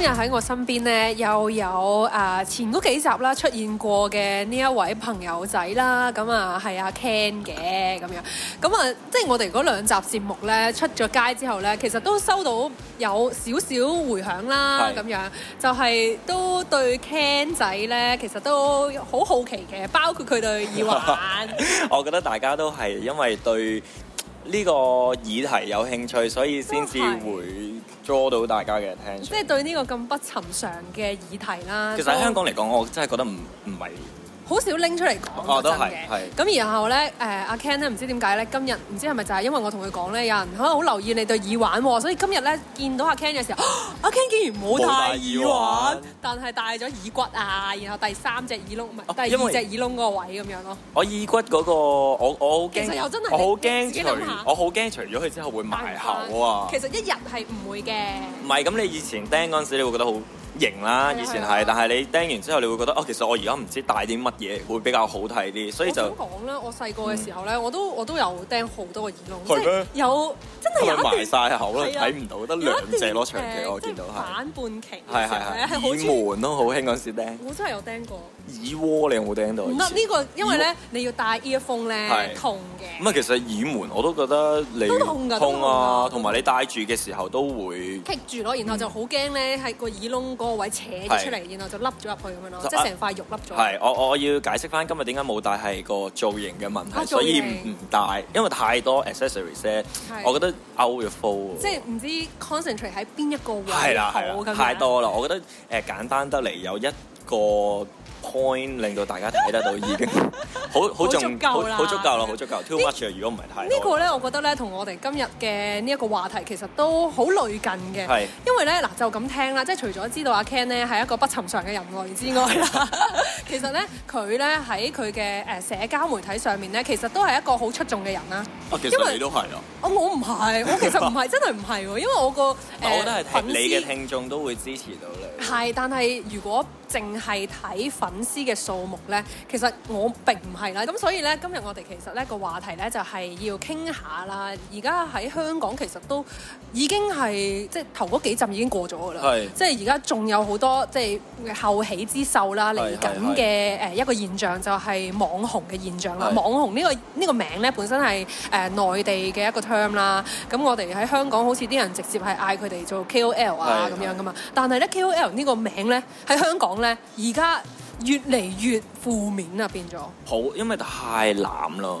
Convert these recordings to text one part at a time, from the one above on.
今日喺我身邊呢，又有誒前嗰幾集啦出現過嘅呢一位朋友仔啦，咁啊係阿 Ken 嘅咁樣，咁啊即係我哋嗰兩集節目呢出咗街之後呢，其實都收到有少少迴響啦，咁樣就係都對 Ken 仔呢，其實都好好奇嘅，包括佢對耳環，我覺得大家都係因為對呢個議題有興趣，所以先至會捉到大家嘅聽。即係對呢個咁不尋常嘅議題啦。其實喺香港嚟講，我真係覺得唔唔係。好少拎出嚟講哦、啊，都係嘅，咁然後咧，誒、啊、阿 Ken 咧唔知點解咧，今日唔知係咪就係因為我同佢講咧，有人可能好留意你對耳環，所以今日咧見到阿 Ken 嘅時候，阿、啊、Ken 竟然唔冇戴耳環，耳環但係戴咗耳骨啊，然後第三隻耳窿唔係第二隻耳窿個位咁樣咯。我耳骨嗰、那個，我好我其實又真係好驚除，我好驚除咗佢之後會埋口啊。其實一日係唔會嘅。唔係，咁你以前釘嗰陣時，你會覺得好，型啦，以前係，但係你釘完之後，你會覺得哦，其實我而家唔知戴啲乜嘢會比較好睇啲，所以就講啦，我細個嘅時候咧，我都我都有釘好多個耳窿，有真係一埋晒口啦，睇唔到，得兩隻攞長期我見到係反叛期，係係係耳門咯，好興嗰時釘，我真係有釘過耳窩，你有冇釘到？唔，呢個，因為咧你要戴 earphone 咧痛嘅。咁啊，其實耳門我都覺得你痛㗎，痛啊，同埋你戴住嘅時候都會棘住咯，然後就好驚咧係個耳窿嗰個位扯咗出嚟，然後就凹咗入去咁樣咯，即係成塊肉凹咗。係，我我要解釋返今日點解冇戴係個造型嘅問題，所以唔戴，因為太多 accessories 我覺得 out the fold。即係唔知 concentrate 喺邊一個位好。係啦，係啦，太多啦，我覺得誒簡單得嚟有一個 point 令到大家睇得到已經。好，好足夠啦，好足夠咯，好足夠。Too much 啊，如果唔係太呢個咧，我覺得咧，同我哋今日嘅呢一個話題其實都好類近嘅。係，因為咧嗱，就咁聽啦，即係除咗知道阿 Ken 咧係一個不尋常嘅人類之外啦，其實咧佢咧喺佢嘅誒社交媒體上面咧，其實都係一個好出眾嘅人啦。啊，其實你都係咯。啊，我唔係，我其實唔係，真係唔係喎，因為我個誒，我覺得係聽你嘅聽眾都會支持到你。係，但係如果淨係睇粉絲嘅數目咧，其實我並唔係。咁所以呢，今日我哋其實呢個話題呢，就係要傾下啦。而家喺香港其實都已經係即係頭嗰幾陣已經過咗㗎啦，即係而家仲有好多即係後起之秀啦。嚟緊嘅誒一個現象就係網紅嘅現象啦。是網紅呢、呢個呢、呢個名呢，本身係誒、呃、內地嘅一個 term 啦。咁我哋喺香港好似啲人直接係嗌佢哋做 K O L 啊咁是樣㗎嘛。是但係呢 K O L 呢個名呢，喺香港呢，而家，越嚟越負面啊！變咗好，因為太濫咯。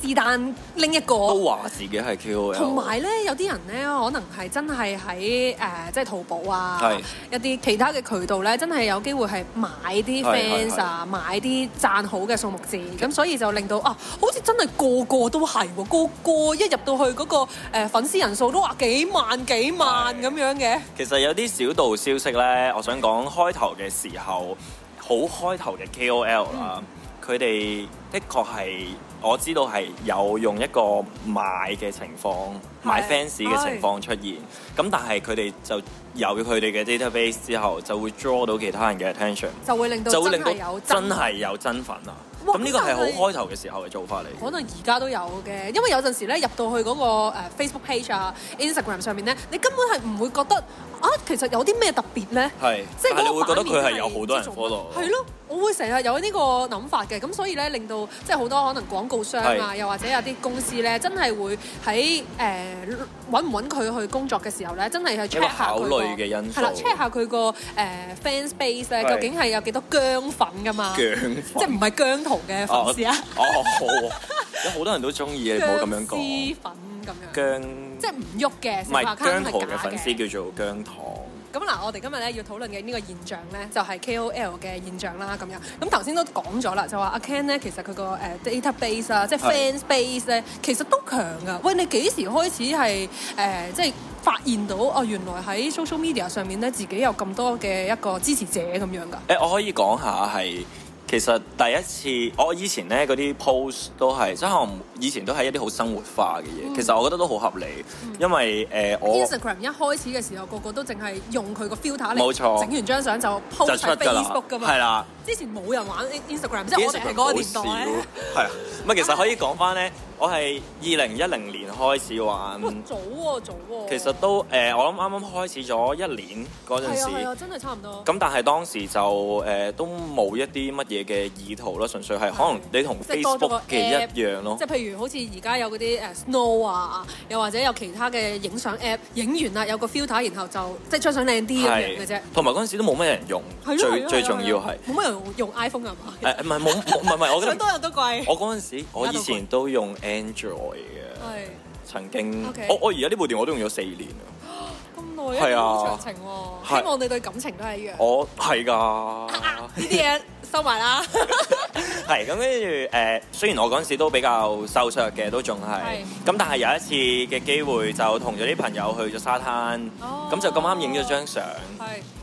是但另一個都話自己係 K O L 同埋咧，有啲人咧，可能係真係喺誒，即係淘寶啊，一啲是其他嘅渠道咧，真係有機會係買啲 fans 啊，買啲讚好嘅數目字咁，的所以就令到啊，好似真係個個都係個個一入到去嗰個粉絲人數都話幾萬幾萬咁樣嘅。其實有啲小道消息咧，我想講開頭嘅時候，好開頭嘅 KOL 啦，佢哋的確係我知道係有用一個買嘅情況，的買 fans 嘅情況出現。咁的但係佢哋就有佢哋嘅 database，之後，就會 draw 到其他人嘅 attention，就會令到就會令到真係有真粉啊！咁呢個係好開頭嘅時候嘅做法嚟。可能而家都有嘅，因為有陣時咧入到去、嗰個誒、呃、Facebook page 啊、Instagram 上面咧，你根本係唔會覺得啊，其實有啲咩特別咧。係，即係你會覺得佢係嗰個版面。係咯，我會成日有呢個諗法嘅，咁所以咧令到即係好多可能廣告商啊，是又或者有啲公司咧，真係會喺誒揾唔揾佢去工作嘅時候咧，真係去 check 下考慮嘅因素。係啦，check 下佢個誒 fans base 咧的，究竟係有幾多姜粉㗎嘛？姜粉，即係唔係姜糖？嘅粉絲啊，哦好，有好 多人都中意嘅，你冇咁樣講。姜絲粉咁樣，姜薑即係唔喐嘅，唔係姜濤嘅粉絲叫做姜糖。咁嗱、嗯啊，我哋今日咧要討論嘅呢個現象咧，就係、是、KOL 嘅現象啦。咁樣，咁頭先都講咗啦，就話阿 Ken 咧，其實佢個誒 data base 啊，即係 fans base 咧，其實都強噶。喂，你幾時開始係誒，即、呃、係、就是、發現到哦，原來喺 social media 上面咧，自己有咁多嘅一個支持者咁樣噶？誒、欸，我可以講下係。其實第一次，我以前咧嗰啲 post 都係，即係可能以前都係一啲好生活化嘅嘢。其實我覺得都好合理，因為誒我 Instagram 一開始嘅時候，個個都淨係用佢個 filter 嚟整完張相就 post 出俾 Facebook 噶嘛。係啦，之前冇人玩 Instagram，即係我哋係嗰個年代咧。係啊，咁啊其實可以講翻咧。我係二零一零年開始玩，哇早喎，早喎。其實都誒，我諗啱啱開始咗一年嗰陣時，係啊，真係差唔多。咁但係當時就誒都冇一啲乜嘢嘅意圖咯，純粹係可能你同 Facebook 嘅一樣咯。即係譬如好似而家有嗰啲誒 Snow 啊，又或者有其他嘅影相 App，影完啦，有個 filter，然後就即係張相靚啲咁樣嘅啫。同埋嗰陣時都冇乜人用，最最重要係冇乜人用 iPhone 啊嘛。誒唔係冇，唔係唔係，我想多人都貴。我嗰陣時，我以前都用誒。Android 嘅，係是曾經，Okay. 我我而家呢部電話我都用咗四年啊，咁耐一段啊，長情是希望你對感情都係一樣，我係噶，呢啲嘢收埋啦，係咁跟住，誒、呃，雖然我嗰陣時都比較瘦削嘅，都仲係，咁是但係有一次嘅機會就同咗啲朋友去咗沙灘，咁、哦、就咁啱影咗張相，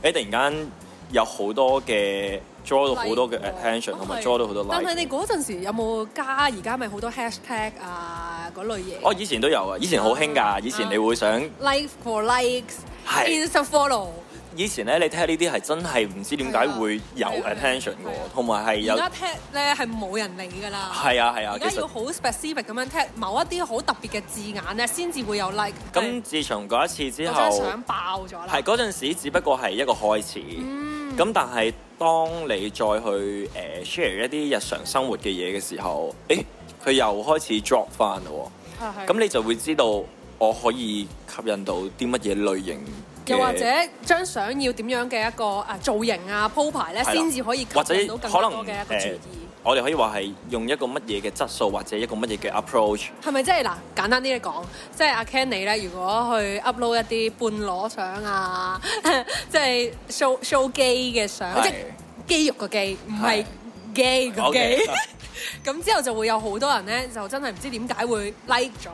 你、嗯、突然間有好多嘅。draw 到好多嘅 attention 同埋 draw 到好多 like，但係你嗰陣時有冇加？而家咪好多 hashtag 啊嗰類嘢。哦，以前都有啊，以前好興㗎。以前你會想 like for likes，ins follow。以前咧，你睇下呢啲係真係唔知點解會有 attention 㗎，同埋係係而家 tag 咧係冇人理㗎啦。係啊係啊，而家要好 specific 咁樣 tag 某一啲好特別嘅字眼咧，先至會有 like。咁自從嗰一次之後，想爆咗啦。係嗰陣時只不過係一個開始。咁但係當你再去誒 share 一啲日常生活嘅嘢嘅時候，誒佢又開始 drop 翻咯喎，咁你就會知道我可以吸引到啲乜嘢類型，又或者張相要點樣嘅一個啊造型啊鋪排咧，先至可以吸引到更多嘅一個注意。我哋可以話係用一個乜嘢嘅質素，或者一個乜嘢嘅 approach？係咪即係嗱？簡單啲嚟講，即係阿 Ken 你咧，如果去 upload 一啲半裸相啊，即 係 show show 肌嘅相，即係是肌肉個肌是，唔係 gay 個 gay。咁之後就會有好多人咧，就真係唔知點解會 like 咗。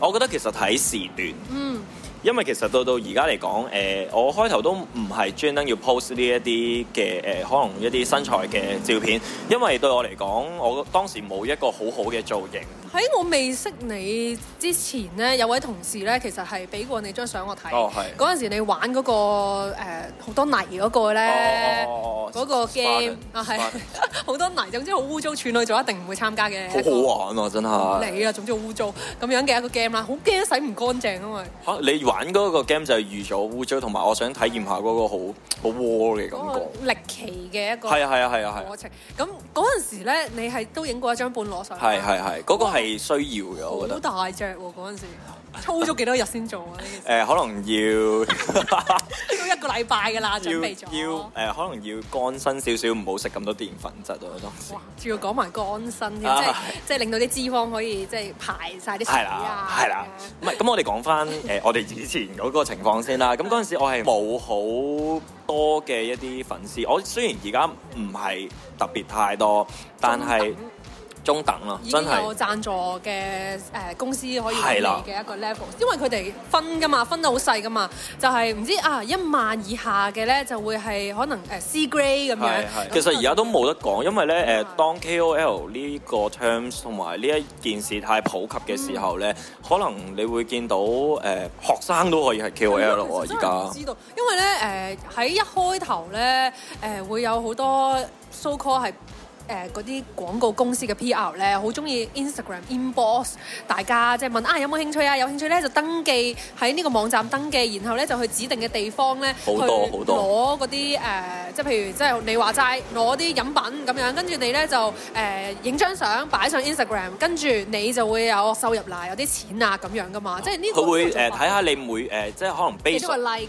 我覺得其實睇時段。嗯。因為其實到到而家嚟講，誒、呃、我開頭都唔係專登要 post 呢一啲嘅誒，可能一啲身材嘅照片，因為對我嚟講，我當時冇一個好好嘅造型。喺我未識你之前咧，有位同事咧，其實係俾過你張相我睇。哦，係。嗰陣時你玩嗰個好多泥嗰個咧，哦嗰個 game 啊，係好多泥，總之好污糟。處女座一定唔會參加嘅。好好玩啊，真係。你啊，總之好污糟咁樣嘅一個 game 啦，好驚洗唔乾淨啊嘛。嚇，你玩嗰個 game 就係預咗污糟，同埋我想體驗下嗰個好好窩嘅感覺。歷奇嘅一個係啊係啊係啊係過程。咁嗰陣時咧，你係都影過一張半裸相。係係係，嗰個係係需要嘅，我覺得好大隻喎、啊！嗰陣時操咗幾多日先做啊？呢誒、呃、可能要都 一個禮拜嘅啦，準備咗誒、呃、可能要乾身少少，唔好食咁多澱粉質啊！嗰陣時哇，仲要講埋乾身，啊、即係即係令到啲脂肪可以唉即係排晒啲水啊！係啦了。唔係咁我哋講返誒我哋以前嗰個情況先啦。咁嗰陣時我係冇好多嘅一啲粉絲，我雖然而家唔係特別太多，但係。中等咯，已經有贊助嘅誒的、呃、公司可以俾嘅一個 level，的因為佢哋分噶嘛，分得好細噶嘛，就係、是、唔知啊一萬以下嘅咧就會係可能誒、呃、C grade 咁是的 樣。的其實而家都冇得講，因為咧誒的、呃、當 KOL 呢個 terms 同埋呢一件事太普及嘅時候咧，嗯、可能你會見到誒、呃、學生都可以係 KOL 咯喎。而家在知道，因為咧誒喺一開頭咧誒會有好多 so call 係。誒嗰啲廣告公司嘅 PR 咧，好中意 Instagram inbox 大家，即係問啊，有冇興趣啊？有興趣咧就登記，喺呢個網站登記，然後咧就去指定嘅地方咧，好多好多攞嗰啲誒即係譬如即係、就是、你話齋攞啲飲品咁樣，跟住你咧就誒影、呃、張相擺上 Instagram，跟住你就會有收入啦，有啲錢啊咁樣噶嘛，即係呢個佢會睇下、呃、你每誒、呃、即係可能 base。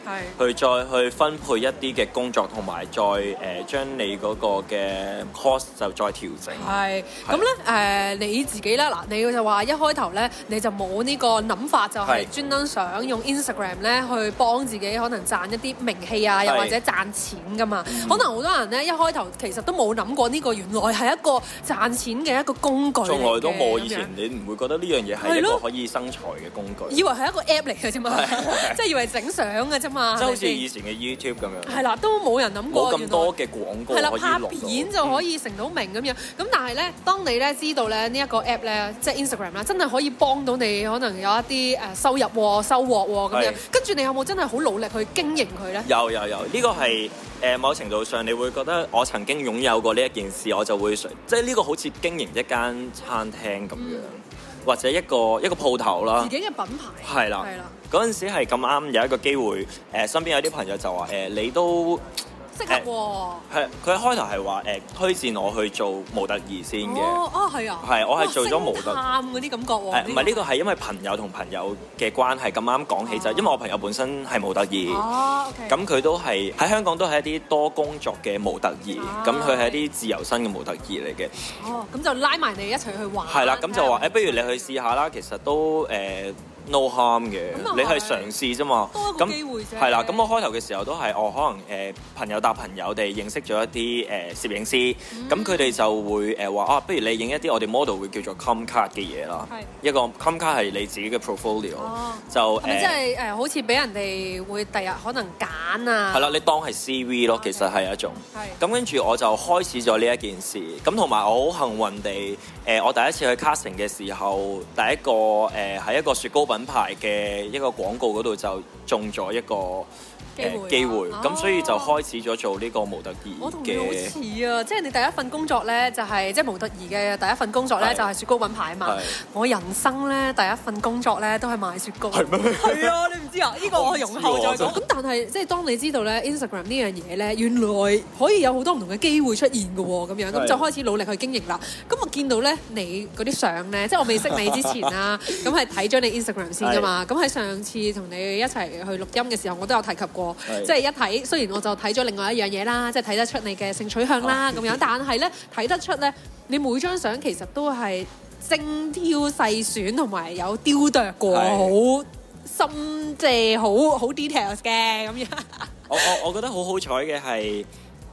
係去是再去分配一啲嘅工作，同埋再誒將、呃、你個嘅 cost 就再調整。係咁咧誒你自己啦嗱，你就話一開頭咧，你就冇呢個諗法，就係專登想用 Instagram 咧去幫自己可能賺一啲名氣啊，又是或者賺錢噶嘛。嗯、可能好多人咧一開頭其實都冇諗過呢個原來係一個賺錢嘅一個工具。從來都冇以前，你唔會覺得呢樣嘢係一個可以生財嘅工具。以為係一個 app 嚟嘅啫嘛，即係的以為整相嘅啫。即好似以前嘅 YouTube 咁樣，係啦，都冇人諗過冇咁來多嘅廣告的可以落。係啦，拍片就可以成到名咁、嗯、樣。咁但係咧，當你咧知道咧呢一、這個 app 咧，即係 Instagram 啦，真係可以幫到你，可能有一啲誒、呃、收入喎、喔、收穫喎咁樣。跟住你有冇真係好努力去經營佢咧？有有有，呢、這個係誒、呃、某程度上，你會覺得我曾經擁有過呢一件事，我就會即係呢個好似經營一間餐廳咁樣，嗯、或者一個一個鋪頭啦，自己嘅品牌係啦，係啦。嗰陣時係咁啱有一個機會，誒身邊有啲朋友就話誒你都適合喎。係，佢開頭係話誒推薦我去做模特兒先嘅。哦，啊係啊。係，我係做咗模特。啱嗰啲感覺喎。唔係呢個係因為朋友同朋友嘅關係咁啱講起就，因為我朋友本身係模特兒。咁佢都係喺香港都係一啲多工作嘅模特兒，咁佢係一啲自由身嘅模特兒嚟嘅。哦。咁就拉埋你一齊去玩。係啦，咁就話誒，不如你去試下啦。其實都誒。no harm 嘅，你係嘗試啫嘛，咁機會係啦，咁我開頭嘅時候都係，我、哦、可能誒、呃、朋友搭朋友哋認識咗一啲誒、呃、攝影師，咁佢哋就會誒話、呃、啊，不如你影一啲我哋 model 會叫做 come card 嘅嘢啦，是一個 come card 係你自己嘅 portfolio，、哦、就誒，即係誒好似俾人哋會第日，日可能揀啊，係啦，你當係 CV 咯，Okay. 其實係一種，係、嗯，咁跟住我就開始咗呢一件事，咁同埋我好幸運地，誒、呃呃、我第一次去 casting 嘅時候，第一個誒係一，、呃、一個雪糕品牌嘅一個廣告嗰度就中咗一個。機會咁，所以就開始咗做呢個模特兒。我同你好似啊，即係你第一份工作呢，就係即係模特兒嘅第一份工作呢，就係雪糕品牌嘛。我人生呢，第一份工作呢，都係賣雪糕。係咩？係啊，你唔知啊？呢個我容後再講。咁但係即係當你知道咧，Instagram 呢樣嘢呢，原來可以有好多唔同嘅機會出現嘅喎，咁樣咁就開始努力去經營啦。咁我見到呢，你嗰啲相呢，即係我未識你之前啊，咁係睇咗你 Instagram 先㗎嘛。咁喺上次同你一齊去錄音嘅時候，我都有提及過。是即係一睇，雖然我就睇咗另外一樣嘢啦，即係睇得出你嘅性取向啦，咁 樣。但係咧，睇得出咧，你每張相其實都係精挑細選同埋有雕琢過，好心是借好好 details 嘅咁樣。 我我我覺得好好彩嘅係，誒、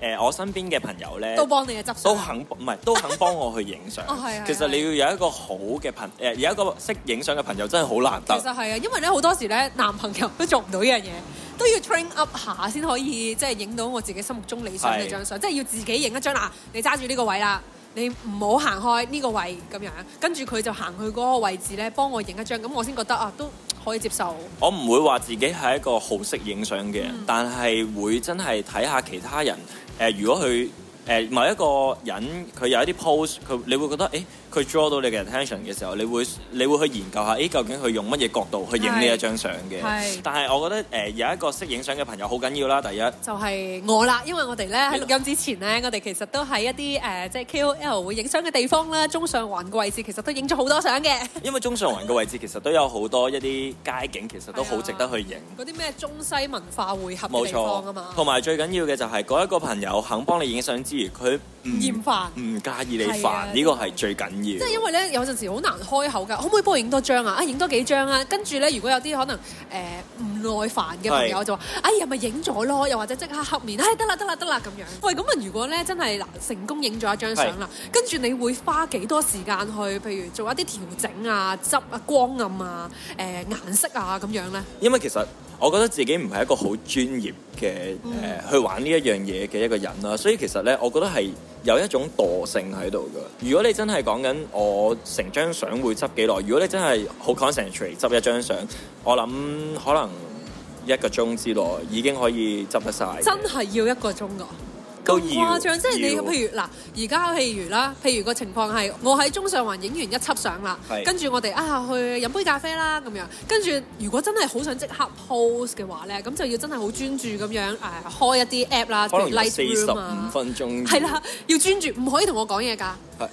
呃、我身邊嘅朋友咧都幫你嘅執，都肯唔係都肯幫我去影相。係啊、 哦，是其實你要有一個好嘅朋友，誒有一個識影相嘅朋友真係好難得。其實係啊，因為咧好多時咧，男朋友都做唔到呢樣嘢。都要 train up 下先可以，即係影到我自己心目中理想嘅張相，是即係要自己影一張啦！你揸住呢個位啦，你唔好行開呢個位咁樣，跟住佢就行去嗰個位置咧，幫我影一張，咁我先覺得啊都可以接受。我唔會話自己係一個好識影相嘅人，但係會真係睇下其他人。誒、呃，如果佢誒、呃、某一個人佢有一啲 pose，佢你會覺得誒。欸佢 draw 到你嘅 attention 嘅時候，你會你會去研究下，誒究竟佢用乜嘢角度去影呢一張相嘅？係。但係我覺得誒有一個識影相嘅朋友好緊要啦，第一就係我啦，因為我哋咧喺錄音之前咧，我哋其實都喺一啲誒即係 KOL 會影相嘅地方啦，中上環嘅位置其實都影咗好多相嘅。因為中上環嘅位置其實都有好多一啲街景，其實都好值得去影。嗰啲咩中西文化會合冇錯啊嘛。同埋最緊要嘅就係嗰一個朋友肯幫你影相之餘，佢。唔厭煩唔介意你煩呢、啊、個係最緊要。即係因為咧，有陣時好難開口噶，可唔可以幫我影多張啊？啊，影多幾張啊！跟住咧，如果有啲可能誒唔、呃、耐煩嘅朋友就話：是哎呀，咪影咗咯！又或者即刻黑面，哎得啦得啦得啦咁樣。喂，咁問如果咧真係嗱、呃、成功影咗一張相啦，跟住是你會花幾多時間去，譬如做一啲調整啊、執啊光暗啊、誒、呃、顏色啊咁樣咧？因為其實我覺得自己唔係一個好專業。嘅誒、嗯、去玩呢一樣嘢嘅一個人啦，所以其實呢，我覺得係有一種惰性喺度㗎。如果你真係講緊我成張相會執幾耐，如果你真係好 concentrate 執一張相，我諗可能一個鐘之內已經可以執得晒。真係要一個鐘㗎、啊。咁誇張，要即係你要譬如嗱，而家譬如啦，譬如個情況係，我喺中上環影完一輯相啦，是跟住我哋啊去飲杯咖啡啦咁樣，跟住如果真係好想即刻 post 嘅話咧，咁就要真係好專注咁樣誒，開一啲 app 啦，啊、例如 Lightroom 啊，五分鐘，係啦，要專注，唔可以同我講嘢㗎。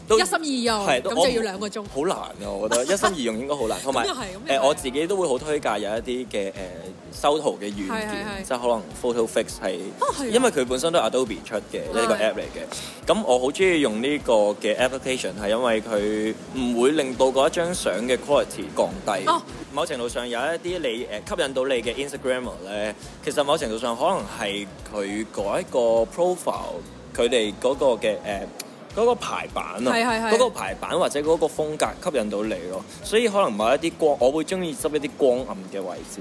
都一心二用，咁對就要兩個鐘。好難啊，我覺得一心二用應該好難。同埋係，我自己都會好推介有一啲嘅誒修圖嘅軟件，即係可能 Photo Fix 係，哦、因為佢本身都 Adobe 出嘅呢的個 App 嚟嘅。咁我好中意用呢個嘅 application 係因為佢唔會令到嗰一張相嘅 quality 降低。哦、某程度上有一啲你誒、呃、吸引到你嘅 Instagram 咧、er，其實某程度上可能係佢嗰一個 profile 佢哋嗰個嘅誒。呃嗰個排版啊，嗰個排版或者嗰個風格吸引到你咯，所以可能某一啲光，我會中意執一啲光暗嘅位置。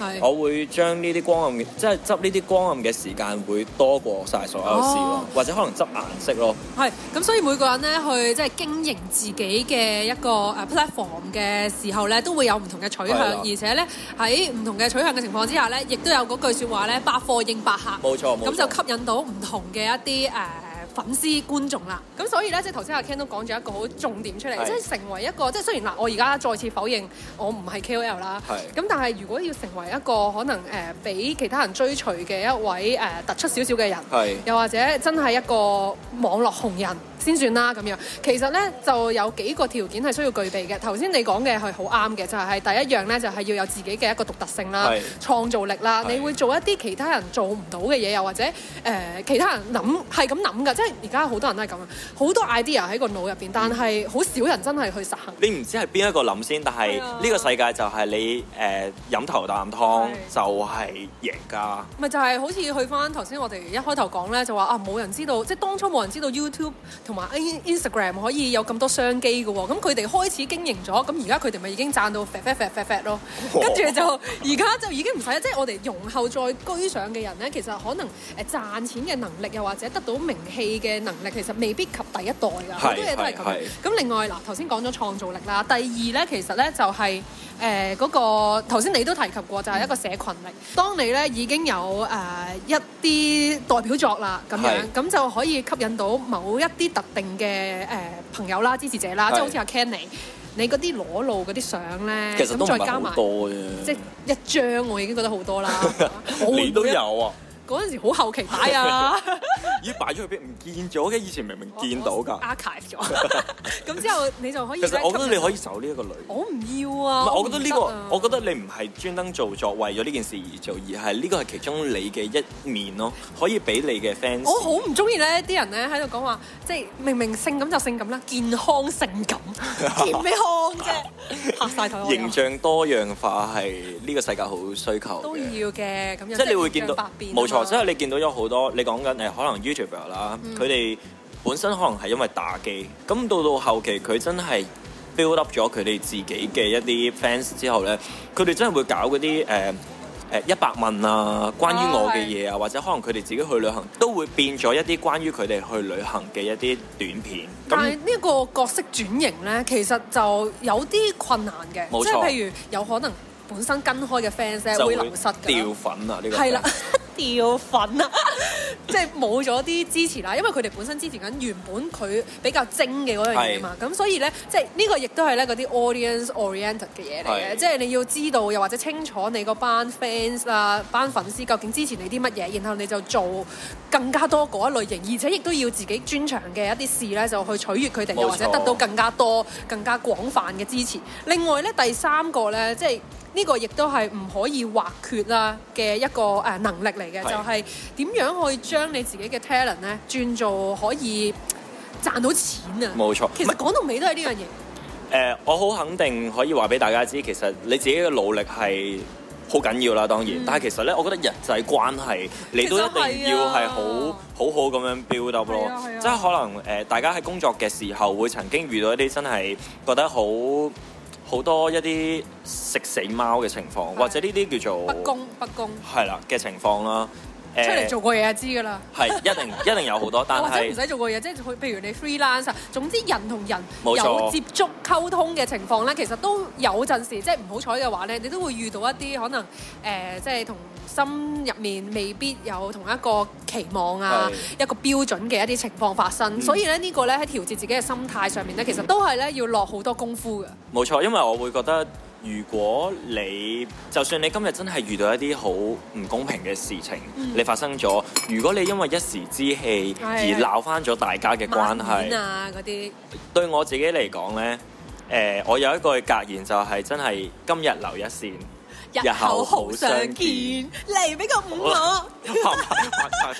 係是，我會將呢啲光暗，嘅，即係執呢啲光暗嘅時間會多過晒所有事咯，哦、或者可能執顏色咯。係，咁所以每個人咧去即係經營自己嘅一個誒 platform 嘅時候咧，都會有唔同嘅取向，的而且咧喺唔同嘅取向嘅情況之下咧，亦都有嗰句説話咧：百貨應百客。冇錯，咁就吸引到唔同嘅一啲誒。Uh, 粉絲觀眾啦，咁所以咧，即係頭先阿 Ken 都講咗一個好重點出嚟，是即係成為一個，即係雖然嗱，我而家再次否認我唔係 KOL 啦是，咁但係如果要成為一個可能誒畀其他人追隨嘅一位誒突出少少嘅人，是又或者真係一個網絡紅人。先算啦咁樣，其實咧就有幾個條件係需要具備嘅。頭先你講嘅係好啱嘅，就係、是、第一樣咧就係、是、要有自己嘅一個獨特性啦、創是造力啦。是你會做一啲其他人做唔到嘅嘢，又或者誒、呃、其他人諗係咁諗嘅，即係而家好多人都係咁樣，好多 idea 喺個腦入邊，嗯、但係好少人真係去實行。你唔知係邊一個諗先，但係呢、啊、個世界就係你誒飲、呃、頭啖湯是就係贏㗎。咪就係好似去翻頭先我哋一開頭講咧，就話啊冇人知道，即係當初冇人知道 YouTube 同同 Instagram 可以有咁多商機嘅喎、哦，咁佢哋開始經營咗，咁而家佢哋咪已經賺到 fit fit fit fit fit 咯，跟住哇就而家就已經唔使即係我哋容後再居上嘅人呢，其實可能誒賺錢嘅能力又或者得到名氣嘅能力，其實未必及第一代噶。好是多嘢都係咁。咁另外嗱，頭先講咗創造力啦，第二呢，其實呢就係誒嗰個頭先你都提及過，就係、是、一個社群力。當你呢已經有誒、呃、一啲代表作啦，咁樣咁是就可以吸引到某一啲特定嘅誒、呃、朋友啦、支持者啦，是即係好似阿 Kenny 你嗰啲裸露嗰啲相咧，咁再加埋，多即係一張我已經覺得好多啦。我哋都有啊？嗰陣時好後期擺啊， 咦，已經擺咗去邊唔見咗嘅，以前明明，明見到㗎咗。咁之後你就可以其實我覺得你可以守呢一個女。 我唔要啊。我覺得呢、呢個，我，啊、我覺得你唔係專登做作為咗呢件事而做，而係呢個係其中你嘅一面咯，可以俾你嘅 fans。我好唔中意呢啲人呢。喺度講話，即係明明性感就性感啦，健康性感， 健咩康啫？ 嚇曬形象多樣化係呢個世界好需求，都要嘅。咁即係你會見到百變，即係你見到有好多，你講緊誒可能 YouTuber 啦、啊，佢哋、嗯、本身可能係因為打機，咁到到後期佢真係 build up 咗佢哋自己嘅一啲 fans 之後咧，佢哋真係會搞嗰啲誒誒一百問啊，關於我嘅嘢啊，或者可能佢哋自己去旅行都會變咗一啲關於佢哋去旅行嘅一啲短片。但係呢個角色轉型咧，其實就有啲困難嘅，即係錯譬如有可能本身跟開嘅 fans 係會流失，掉粉啊呢、呢個係啦是的。 掉粉啊， 即係冇咗啲支持啦，因為佢哋本身支持緊原本佢比較精嘅嗰樣嘢嘛，咁是所以呢，即係呢個亦都係呢嗰啲 audience oriented 嘅嘢嚟嘅，是即係你要知道又或者清楚你嗰班 fans 啊班粉絲究竟支持你啲乜嘢，然後你就做更加多嗰一類型，而且亦都要自己專長嘅一啲事呢，就去取悦佢哋，又錯或者得到更加多、更加廣泛嘅支持。另外呢，第三個呢，即係。呢個亦都係唔可以或缺啦嘅一個誒能力嚟嘅，是的 就係點樣去將你自己嘅 talent 咧轉做可以賺到錢啊！冇錯，其實講是到尾都係呢樣嘢。誒、呃，我好肯定可以話俾大家知，其實你自己嘅努力係好緊要啦，當然。嗯、但係其實咧，我覺得人際關係你都一定要係、啊、好好好咁樣 build up 咯，即係、啊啊啊、可能誒、呃，大家喺工作嘅時候會曾經遇到一啲真係覺得好。好多一啲食死貓嘅情況，的或者呢啲叫做不公、不公係啦嘅情況啦。出嚟做過嘢就知㗎啦。係 一定一定有好多，但係或者唔使做過嘢，即係譬如你 freelance，總之人同人有接觸溝錯通嘅情況咧，其實都有陣時即係唔好彩嘅話咧，你都會遇到一啲可能誒、呃、即係同。心入面未必有同一個期望啊，一個標準嘅一啲情況發生，所以咧呢個咧喺調節自己嘅心態上面咧，其實都係咧要落好多功夫嘅。冇錯，因為我會覺得，如果你就算你今日真係遇到一啲好唔公平嘅事情，你發生咗，如果你因為一時之氣而鬧翻咗大家嘅關係啊嗰啲，對我自己嚟講咧，誒，我有一句格言就係真係今日留一線日後好相見，嚟俾個五我。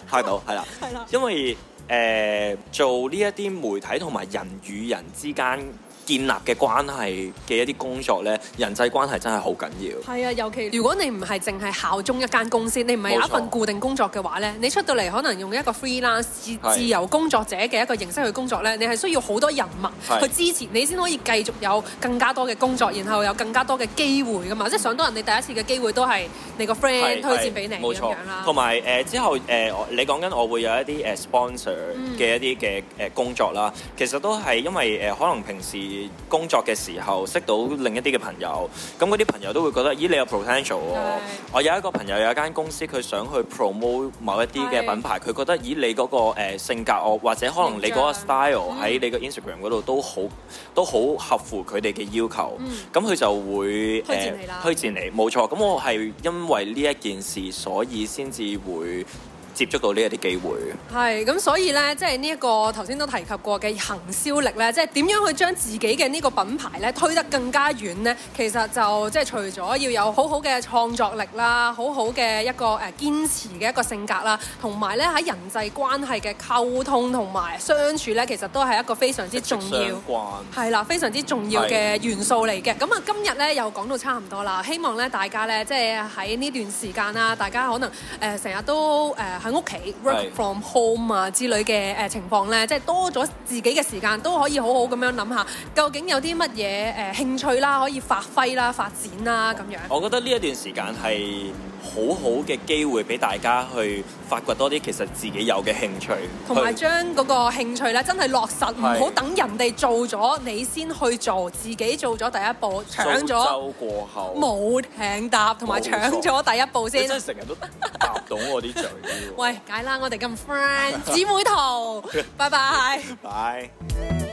派好 到，係啦，了因為誒、呃、做呢一啲媒體同埋人與人之間。建立嘅關係嘅一啲工作呢，人際關係真係好緊要。係啊，尤其如果你唔係淨係效忠一間公司，你唔係有一份固定工作嘅話呢，你出到嚟可能用一個 freelance 自自由工作者嘅一個形式去工作呢，你係需要好多人脈去支持，你先可以繼續有更加多嘅工作，然後有更加多嘅機會㗎嘛。即係想當人哋第一次嘅機會都係你個 friend 推薦俾你咁樣啦。同埋誒之後誒，你講緊我會有一啲誒 sponsor 嘅一啲嘅誒工作啦，其實都係因為誒可能平時。工作嘅時候識到另一啲嘅朋友，咁嗰啲朋友都會覺得，咦你有 potential 喎、哦！對我有一個朋友有一間公司，佢想去 promote 某一啲嘅品牌，佢對覺得，以你嗰、嗰個、呃、性格，或者可能你嗰個 style 喺你個 Instagram 嗰度都好，嗯、都好合乎佢哋嘅要求，咁佢、嗯、就會推薦你啦。推薦你，冇錯，咁我係因為呢一件事，所以先至會。接觸到呢一啲機會，係咁，所以呢，即係呢一個頭先都提及過嘅行銷力呢，即係點樣去將自己嘅呢個品牌呢推得更加遠呢？其實就即係除咗要有好好嘅創作力啦，好好嘅一個誒堅持嘅一個性格啦，同埋呢喺人際關係嘅溝通同埋相處呢，其實都係一個非常之重要，係啦，非常之重要嘅元素嚟嘅。咁啊，今日呢又講到差唔多啦，希望呢大家呢即係喺呢段時間啦，大家可能誒成日都誒。喺屋企 work from home 啊之類嘅誒情況咧， 即係多咗自己嘅時間都可以好好咁樣諗下，究竟有啲乜嘢誒興趣啦，可以發揮啦、發展啦咁樣。我覺得呢一段時間係好好嘅機會俾大家去發掘多啲，其實自己有嘅興趣，同埋將嗰個興趣咧真係落實，唔好等人哋做咗，你先去做。自己做咗第一步，搶咗。蘇州過後冇艇搭，同埋搶咗第一步錯先一步。真係成日都搭唔到我啲嘴。 喂，解啦，我哋咁 friend，姊妹淘，拜拜。拜。